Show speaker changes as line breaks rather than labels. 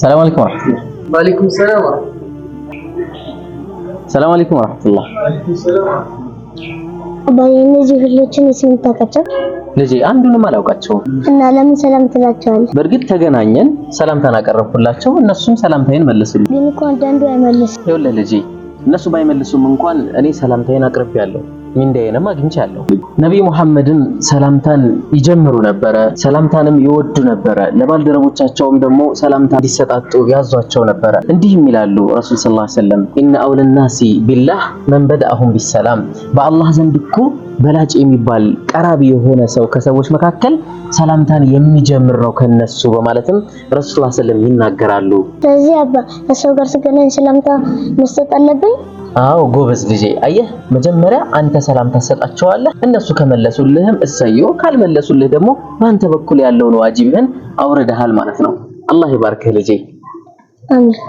ሰላም አለይኩም ወራህመቱላህ።
ወአለይኩም ሰላም
ሰላም አለይኩም ወራህመቱላህ።
አባዬ እነዚህ ሁሎችን ስም ታውቃቸው?
ልጄ አንዱንም አላውቃቸውም።
እና ለምን ሰላም ትላቸዋለህ?
በእርግጥ ተገናኘን፣ ሰላምታን አቀረብኩላቸው፣ እነሱም ሰላምታዬን መለሱልኝ።
ግን እኮ አንዳንዱ አይመልስም።
ይኸውልህ ልጄ እነሱ ባይመልሱም እንኳን እኔ ሰላምታዬን አቅርቤያለሁ። ሚንዳዬንም አግኝቻለሁ። ነቢይ ሙሐመድም ሰላምታን ይጀምሩ ነበረ፣ ሰላምታንም ይወዱ ነበረ። ለባልደረቦቻቸውም ደግሞ ሰላምታ እንዲሰጣጡ ያዟቸው ነበረ። እንዲህም ይላሉ ረሱል ሰለላሁ ዐለይሂ ወሰለም ኢነ አውለናሲ ቢላህ መን በደአሁም ቢሰላም፣ በአላህ ዘንድ እኮ በላጭ የሚባል ቀራቢ የሆነ ሰው ከሰዎች መካከል ሰላምታን የሚጀምር ነው ከነሱ በማለትም ረሱል ወሰለም ይናገራሉ።
ስለዚህ አባ ከሰው ጋር ስገናኝ ሰላምታ መስጠት አለብኝ።
አዎ ጎበዝ ልጄ። አየህ መጀመሪያ አንተ ሰላም ታሰጣቸዋለህ። እነሱ ከመለሱልህም እሰየው፣ ካልመለሱልህ ደግሞ በአንተ በኩል ያለውን ዋጅብህን አውርደሃል ማለት ነው። አላህ ይባርክህ ልጄ።
አሜን።